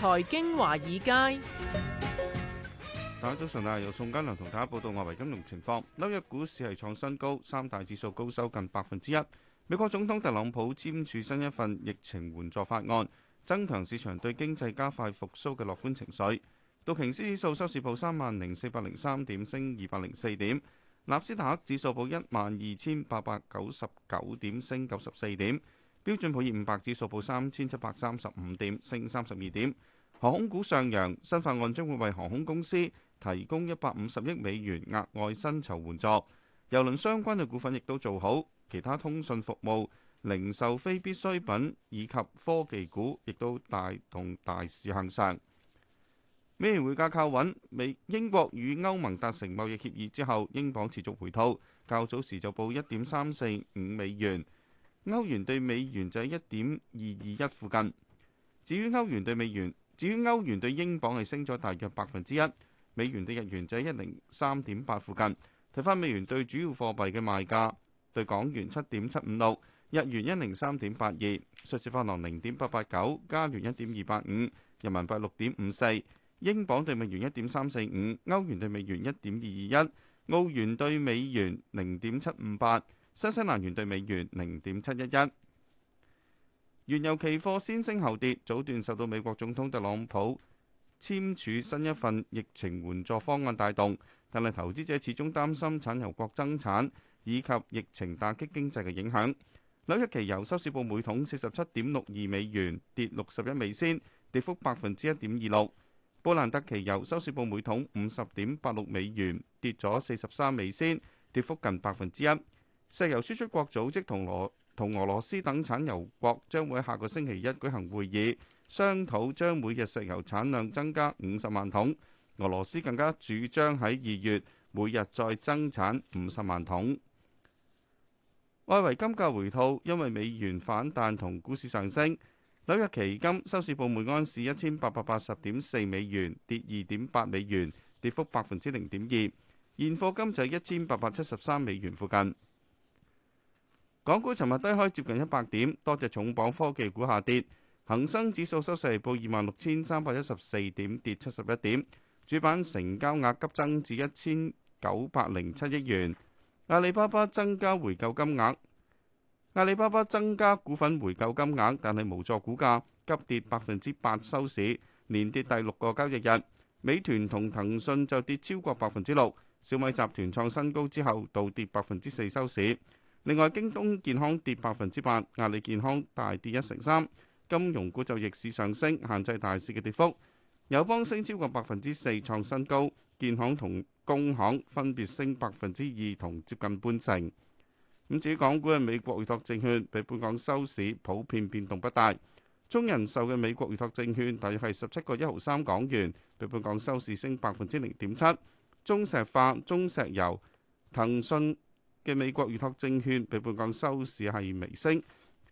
財經華爾街，大家早晨，由宋家良同大家報道外圍金融情況。紐約股市係創新高，三大指數高收近百分之一。美國總統特朗普簽署新一份疫情援助法案，增強市場對經濟加快復蘇嘅樂觀情緒。道瓊斯指數收市報三萬零四百零三點，升二百零四點；納斯達克指數報一萬二千八百九十九點，升九十四點。標準普爾五百指數報三千七百三十五點，升三十二點。航空股上揚，新法案將會為航空公司提供一百五十億美元額外薪酬援助。郵輪相關嘅股份亦都做好，其他通訊服務、零售非必需品以及科技股亦都帶動大市向上。美元匯價靠穩，美，英國與歐盟達成貿易協議之後，英鎊持續回吐，較早時就報一點三四五美元。歐元對美元就喺一點二二一附近。至於歐元對美元，至於歐元對英鎊係升咗大約百分之一。美元對日元就喺一零三點八附近。睇返美元對主要貨幣嘅賣價，對港元七點七五六，日元一零三點八二，瑞士法郎零點八八九，加元一點二八五，人民幣六點五四，英鎊對美元一點三四五，歐元對美元一點二二一，澳元對美元零點七五八。新西蘭元兌美元零點七一一，原油期貨先升後跌，早段受到美國總統特朗普簽署新一份疫情援助方案帶動，但係投資者始終擔心產油國增產以及疫情打擊經濟嘅影響。紐約期油收市報每桶四十七點六二美元，跌六十一美仙，跌幅百分之一點二六。布蘭特期油收市報每桶五十點八六美元，跌咗四十三美仙，跌幅近百分之一。石油輸出國組織同俄同俄羅斯等產油國將會喺下個星期一舉行會議，商討將每日石油產量增加五十萬桶。俄羅斯更加主張喺二月每日再增產五十萬桶。外圍金價回吐，因為美元反彈同股市上升。紐約期金收市報每安士一千八百八十點四美元，跌二點八美元，跌幅百分之零點二。現貨金就係一千八百七十三美元附近。港股尋日低開接近一百點，多隻重磅科技股下跌。恒生指數收市報二萬六千三百一十四點，跌七十一點。主板成交額急增至一千九百零七億元。阿里巴巴增加回購金額，阿里巴巴增加股份回購金額，但係無助股價急跌百分之八收市，連跌第六個交易日。美團同騰訊就跌超過百分之六，小米集團創新高之後倒跌百分之四收市。另外，京東健康跌百分之八，阿里健康大跌一成三。金融股就逆市上升，限制大市嘅跌幅。友邦升超過百分之四，創新高。建行同工行分別升百分之二同接近半成。咁至於港股嘅美國預託證券，比本港收市普遍變動不大。中人壽嘅美國預託證券大約係十七個一毫三港元，比本港收市升百分之零點七。中石化、中石油、騰訊。嘅美國預託證券被本港收市係微升，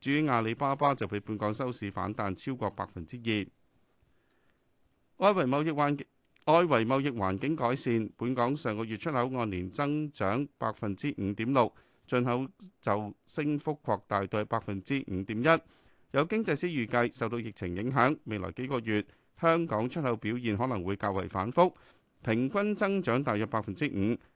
至於阿里巴巴就被本港收市反彈超過百分之二。外圍貿易環外圍貿易環境改善，本港上個月出口按年增長百分之五點六，進口就升幅擴大到百分之五點一。有經濟師預計，受到疫情影響，未來幾個月香港出口表現可能會較為反覆，平均增長大約百分之五。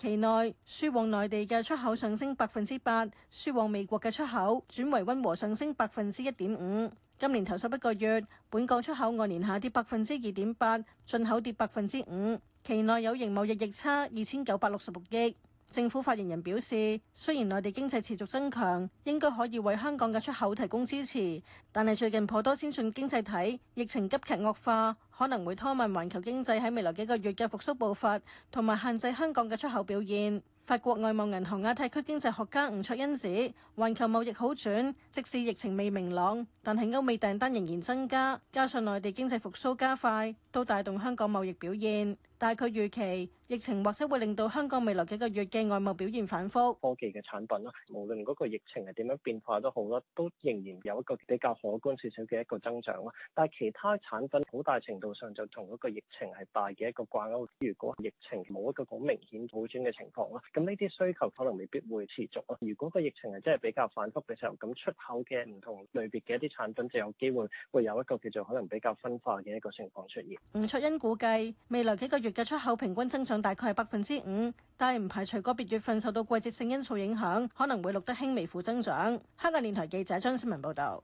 期內輸往內地嘅出口上升百分之八，輸往美國嘅出口轉為溫和上升百分之一點五。今年頭十一個月，本港出口按年下跌百分之二點八，進口跌百分之五。期內有形貿易逆差二千九百六十六億。政府發言人表示，雖然內地經濟持續增強，應該可以為香港嘅出口提供支持，但係最近頗多先進經濟體疫情急劇惡化，可能會拖慢環球經濟喺未來幾個月嘅復甦步伐，同埋限制香港嘅出口表現。法國外貿銀行亞太區經濟學家吳卓恩指，環球貿易好轉，即使疫情未明朗，但係歐美訂單仍然增加，加上內地經濟復甦加快，都帶動香港貿易表現。大概預期疫情或者會令到香港未來幾個月嘅外貿表現反覆。科技嘅產品啦，無論嗰個疫情係點樣變化都好啦，都仍然有一個比較可觀少少嘅一個增長啦。但係其他產品好大程度上就同嗰個疫情係大嘅一個掛鈎。如果疫情冇一個好明顯好轉嘅情況啦，咁呢啲需求可能未必會持續啦。如果個疫情係真係比較反覆嘅時候，咁出口嘅唔同類別嘅一啲產品就有機會會有一個叫做可能比較分化嘅一個情況出現。吳卓恩估計未來幾個月嘅出口平均增長大概係百分之五，但係唔排除個別月份受到季節性因素影響，可能會錄得輕微負增長。香港電台記者張思文報道。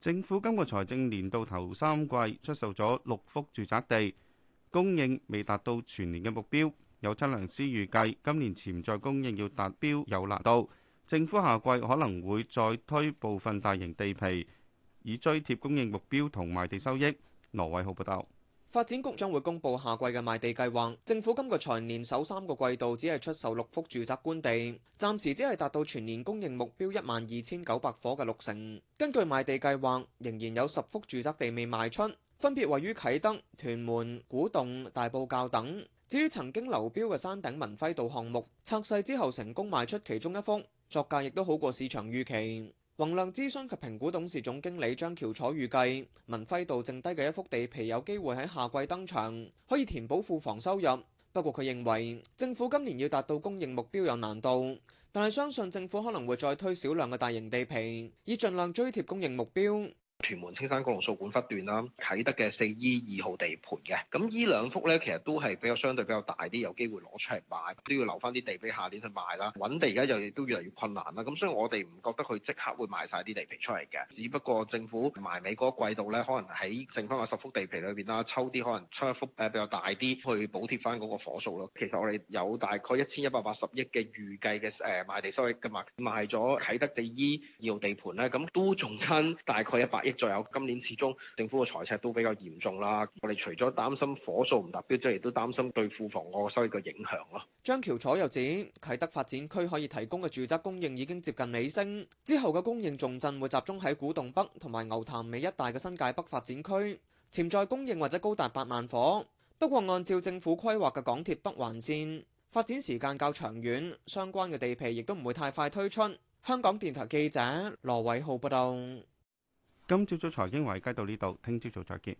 政府今個財政年度頭三季出售咗六幅住宅地，供應未達到全年嘅目標。有測量師預計今年潛在供應要達標有難度。政府下季可能會再推部分大型地皮，以追貼供應目標同賣地收益。羅偉浩報道。發展局將會公布下季嘅賣地計劃。政府今個財年首三個季度只係出售六幅住宅官地，暫時只係達到全年供應目標一萬二千九百伙嘅六成。根據賣地計劃，仍然有十幅住宅地未賣出，分別位於啟德、屯門、古洞、大埔滘等。至於曾經流標嘅山頂文輝道項目，拆細之後成功賣出其中一幅，作價亦都好過市場預期。宏亮諮詢及評估董事總經理張喬楚預計，文輝道剩低嘅一幅地皮有機會喺夏季登場，可以填補庫房收入。不過佢認為，政府今年要達到供應目標有難度，但係相信政府可能會再推少量嘅大型地皮，以盡量追貼供應目標。屯門青山公路掃管笏段啦，啟德嘅四 E 二號地盤嘅，咁呢兩幅咧其實都係比較相對比較大啲，有機會攞出嚟賣，都要留翻啲地俾下年去賣啦。揾地而家就亦都越嚟越困難啦，咁所以我哋唔覺得佢即刻會賣晒啲地皮出嚟嘅，只不過政府埋尾嗰個季度咧，可能喺剩翻嘅十幅地皮裏邊啦，抽啲可能抽一幅誒比較大啲去補貼翻嗰個火數咯。其實我哋有大概一千一百八十億嘅預計嘅誒、呃、賣地收益㗎嘛，賣咗啟德地 E 二號地盤咧，咁都仲差大概一百億。再有今年始終政府嘅財赤都比較嚴重啦，我哋除咗擔心火數唔達標，之外，亦都擔心對庫房惡所以嘅影響咯。張橋楚又指，啟德發展區可以提供嘅住宅供應已經接近尾聲，之後嘅供應重鎮會集中喺古洞北同埋牛潭尾一帶嘅新界北發展區，潛在供應或者高達八萬火。不過按照政府規劃嘅港鐵北環線，發展時間較長遠，相關嘅地皮亦都唔會太快推出。香港電台記者羅偉浩報道。今朝早財經華爾街到呢度，聽朝早再見。